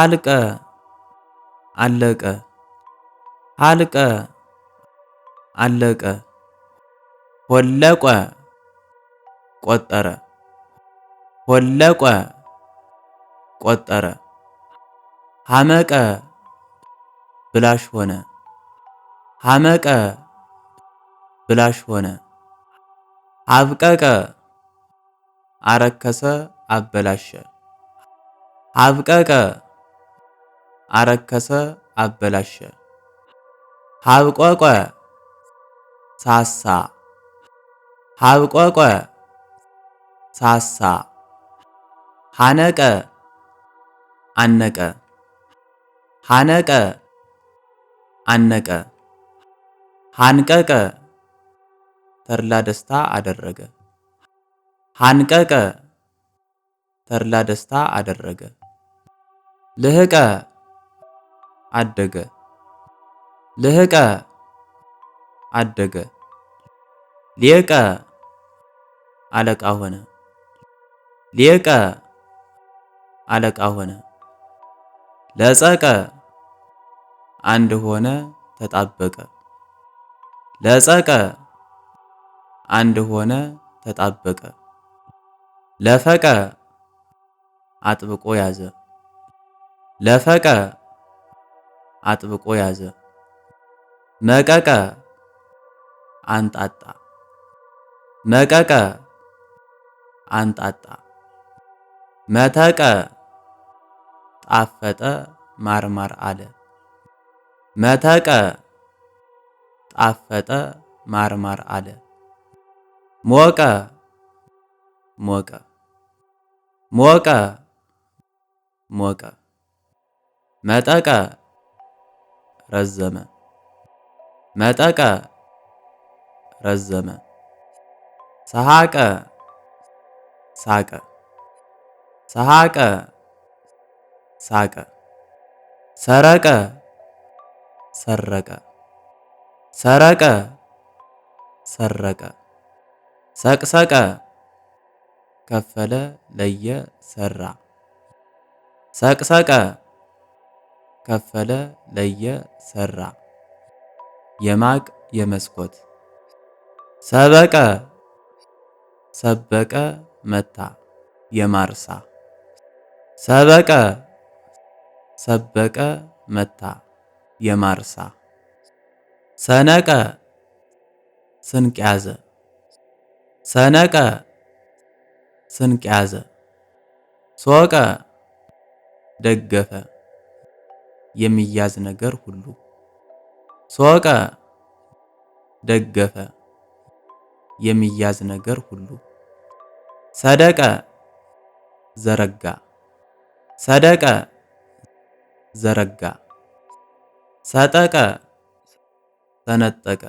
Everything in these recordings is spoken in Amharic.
አልቀ አለቀ አልቀ አለቀ ወለቀ ቆጠረ ወለቀ ቆጠረ ሐመቀ ብላሽ ሆነ ሐመቀ ብላሽ ሆነ አብቀቀ አረከሰ አበላሸ አብቀቀ አረከሰ፣ አበላሸ። ሀብቆቆ ሳሳ ሀብቆቆ ሳሳ ሀነቀ አነቀ ሀነቀ አነቀ ሀንቀቀ ተርላ ደስታ አደረገ ሀንቀቀ ተርላ ደስታ አደረገ ልህቀ አደገ ልህቀ አደገ ሊቀ አለቃ ሆነ ሊቀ አለቃ ሆነ ለጸቀ አንድ ሆነ ተጣበቀ ለጸቀ አንድ ሆነ ተጣበቀ ለፈቀ አጥብቆ ያዘ ለፈቀ አጥብቆ ያዘ። መቀቀ፣ አንጣጣ፣ መቀቀ፣ አንጣጣ፣ መተቀ፣ ጣፈጠ፣ ማርማር አለ። መተቀ፣ ጣፈጠ፣ ማርማር አለ። ሞቀ፣ ሞቀ፣ ሞቀ፣ ሞቀ፣ መጠቀ ረዘመ መጠቀ ረዘመ ሰሐቀ ሳቀ ሰሐቀ ሳቀ ሰረቀ ሰረቀ ሰረቀ ሰረቀ ሰቅሰቀ ከፈለ ለየ ሰራ ሰቅሰቀ ከፈለ ለየ ሰራ የማቅ የመስኮት ሰበቀ ሰበቀ መታ የማርሳ ሰበቀ ሰበቀ መታ የማርሳ ሰነቀ ስንቅ ያዘ ሰነቀ ስንቅ ያዘ ሶቀ ደገፈ የሚያዝ ነገር ሁሉ ሶቀ ደገፈ የሚያዝ ነገር ሁሉ ሰደቀ ዘረጋ ሰደቀ ዘረጋ ሰጠቀ ሰነጠቀ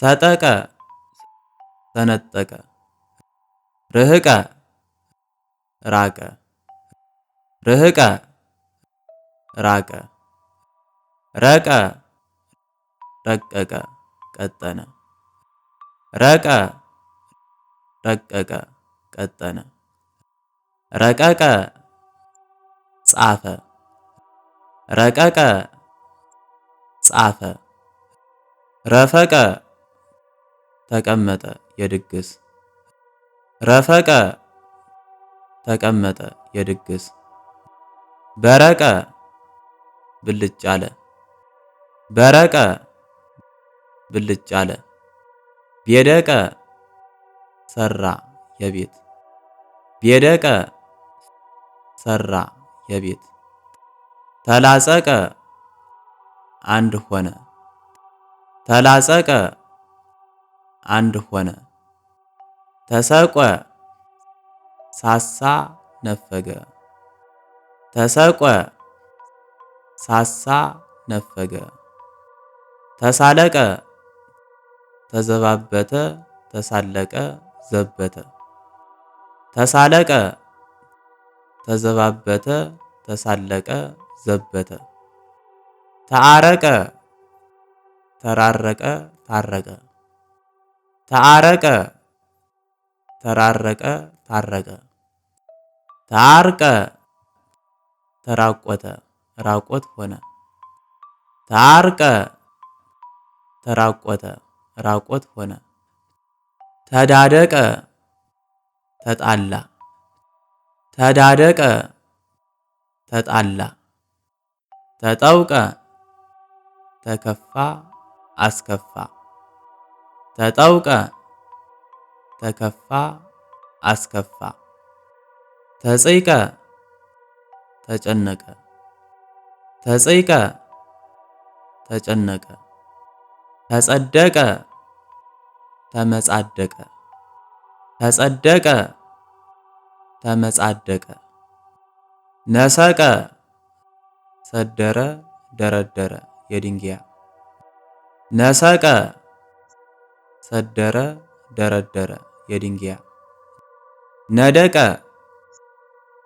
ሰጠቀ ሰነጠቀ ርህቀ ራቀ ርህቀ ራቀ ረቀ ረቀቀ ቀጠነ ረቀ ረቀቀ ቀጠነ ረቀቀ ጻፈ ረቀቀ ጻፈ ረፈቀ ተቀመጠ የድግስ ረፈቀ ተቀመጠ የድግስ በረቀ ብልጭ አለ። በረቀ ብልጭ አለ። ቤደቀ ሰራ የቤት ቤደቀ ሰራ የቤት ተላጸቀ አንድ ሆነ ተላጸቀ አንድ ሆነ ተሰቆ ሳሳ ነፈገ ተሰቆ ሳሳ ነፈገ ተሳለቀ ተዘባበተ ተሳለቀ ዘበተ ተሳለቀ ተዘባበተ ተሳለቀ ዘበተ ተአረቀ ተራረቀ ታረቀ ተአረቀ ተራረቀ ታረቀ ተአርቀ ተራቆተ ራቆት ሆነ። ታርቀ ተራቆተ ራቆት ሆነ። ተዳደቀ ተጣላ ተዳደቀ ተጣላ ተጠውቀ ተከፋ አስከፋ ተጠውቀ ተከፋ አስከፋ ተጽይቀ ተጨነቀ ተጸይቀ ተጨነቀ ተጸደቀ ተመጻደቀ ተጸደቀ ተመጻደቀ ነሰቀ ሰደረ ደረደረ የድንጊያ ነሰቀ ሰደረ ደረደረ የድንጊያ ነደቀ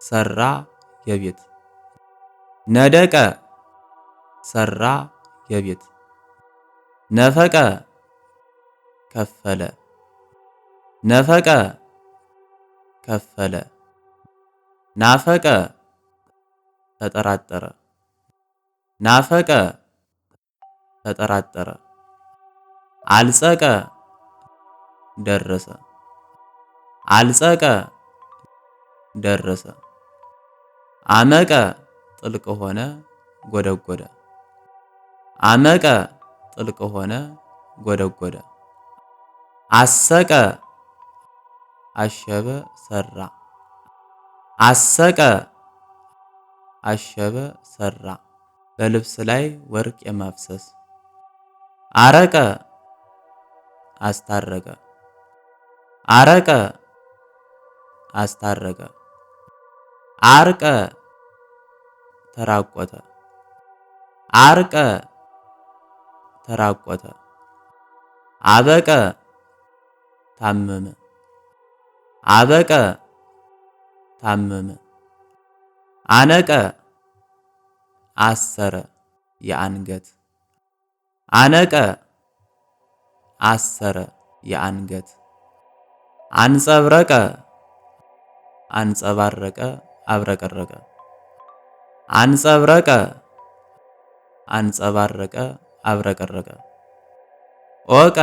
ሰራ የቤት ነደቀ ሰራ የቤት ነፈቀ ከፈለ ነፈቀ ከፈለ ናፈቀ ተጠራጠረ ናፈቀ ተጠራጠረ አልጸቀ ደረሰ አልጸቀ ደረሰ አመቀ ጥልቅ ሆነ ጎደጎደ አመቀ ጥልቅ ሆነ፣ ጎደጎደ። አሰቀ አሸበ፣ ሰራ። አሰቀ አሸበ፣ ሰራ። በልብስ ላይ ወርቅ የማፍሰስ አረቀ አስታረቀ አረቀ አስታረቀ አርቀ ተራቆተ አርቀ ተራቆተ፣ አበቀ ታመመ፣ አበቀ ታመመ፣ አነቀ አሰረ የአንገት አነቀ አሰረ የአንገት አንጸብረቀ አንጸባረቀ አብረቀረቀ አንጸብረቀ አንጸባረቀ አብረቀረቀ። ኦቀ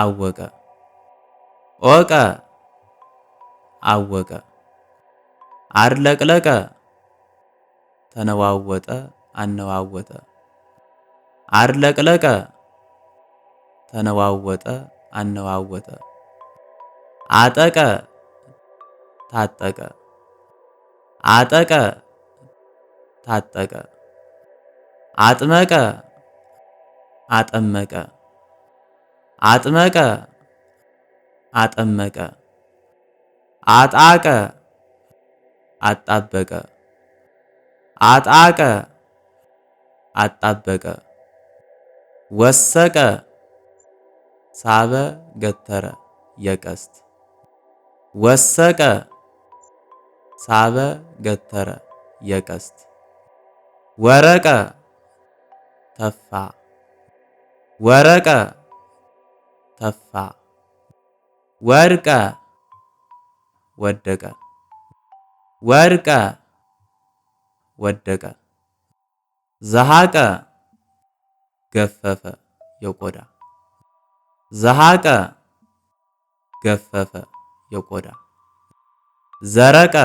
አወቀ ኦቀ አወቀ አድለቅለቀ ተነዋወጠ አነዋወጠ አድለቅለቀ ተነዋወጠ አነዋወጠ አጠቀ ታጠቀ አጠቀ ታጠቀ አጥመቀ አጠመቀ አጥመቀ አጠመቀ አጣቀ አጣበቀ አጣቀ አጣበቀ ወሰቀ ሳበ ገተረ የቀስት ወሰቀ ሳበ ገተረ የቀስት ወረቀ ተፋ ወረቀ ተፋ ወርቀ ወደቀ ወርቀ ወደቀ ዘሐቀ ገፈፈ የቆዳ ዘሐቀ ገፈፈ የቆዳ ዘረቀ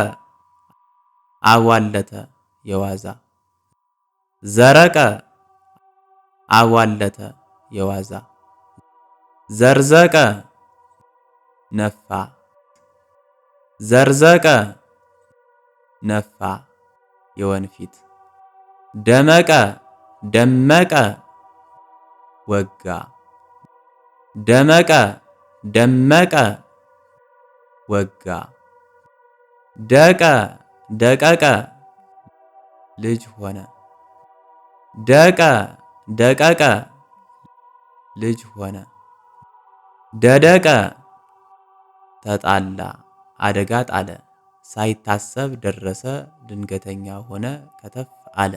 አዋለተ የዋዛ ዘረቀ አቧለተ የዋዛ ዘርዘቀ ነፋ ዘርዘቀ ነፋ የወንፊት ደመቀ ደመቀ ወጋ ደመቀ ደመቀ ወጋ ደቀ ደቀቀ ልጅ ሆነ ደቀ ደቀቀ ልጅ ሆነ። ደደቀ ተጣላ፣ አደጋ ጣለ። ሳይታሰብ ደረሰ፣ ድንገተኛ ሆነ፣ ከተፍ አለ።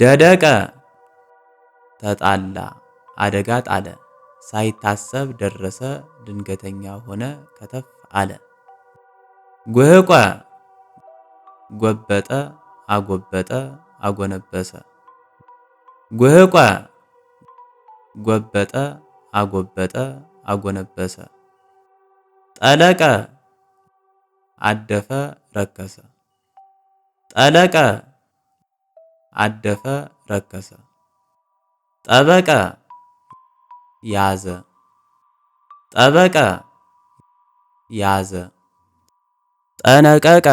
ደደቀ ተጣላ፣ አደጋ ጣለ። ሳይታሰብ ደረሰ፣ ድንገተኛ ሆነ፣ ከተፍ አለ። ጉህቆ ጎበጠ፣ አጎበጠ፣ አጎነበሰ ጎህቋ ጎበጠ አጎበጠ አጎነበሰ ጠለቀ አደፈ ረከሰ ጠለቀ አደፈ ረከሰ ጠበቀ ያዘ ጠበቀ ያዘ ጠነቀቀ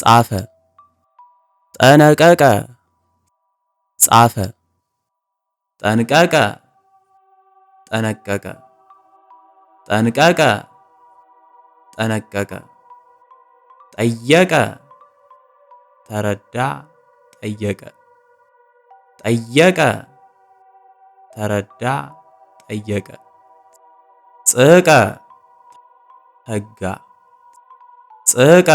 ጻፈ ጠነቀቀ ጻፈ ጠንቀቀ ጠነቀቀ ጠንቀቀ ጠነቀቀ ጠየቀ ተረዳ ጠየቀ ጠየቀ ተረዳ ጠየቀ ጽቀ ተጋ ጽቀ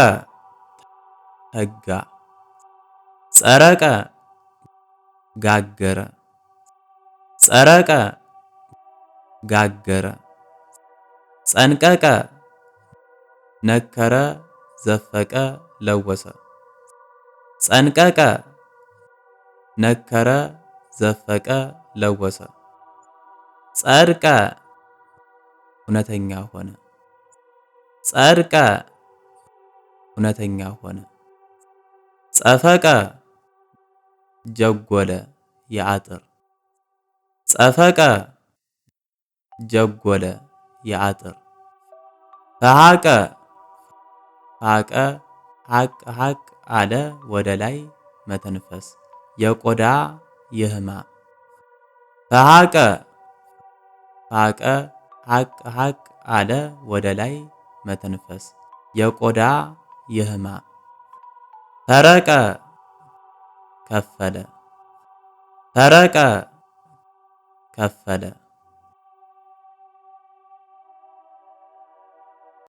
ተጋ ጸረቀ ጋገረ ጸረቀ ጋገረ ጸንቀቀ ነከረ ዘፈቀ ለወሰ ጸንቀቀ ነከረ ዘፈቀ ለወሰ ጸድቀ እውነተኛ ሆነ ጸድቀ እውነተኛ ሆነ ጸፈቀ ጀጎለ የአጥር ጸፈቀ ጀጎለ የአጥር ፈሃቀ ሀቀ ሀቅ ሐቅ አለ ወደ ላይ መተንፈስ የቆዳ የህማም ፈሃቀ ሀቀ ሀቅ ሀቅ አለ ወደ ላይ መተንፈስ የቆዳ የህማም ፈረቀ ከፈለ ፈረቀ ከፈለ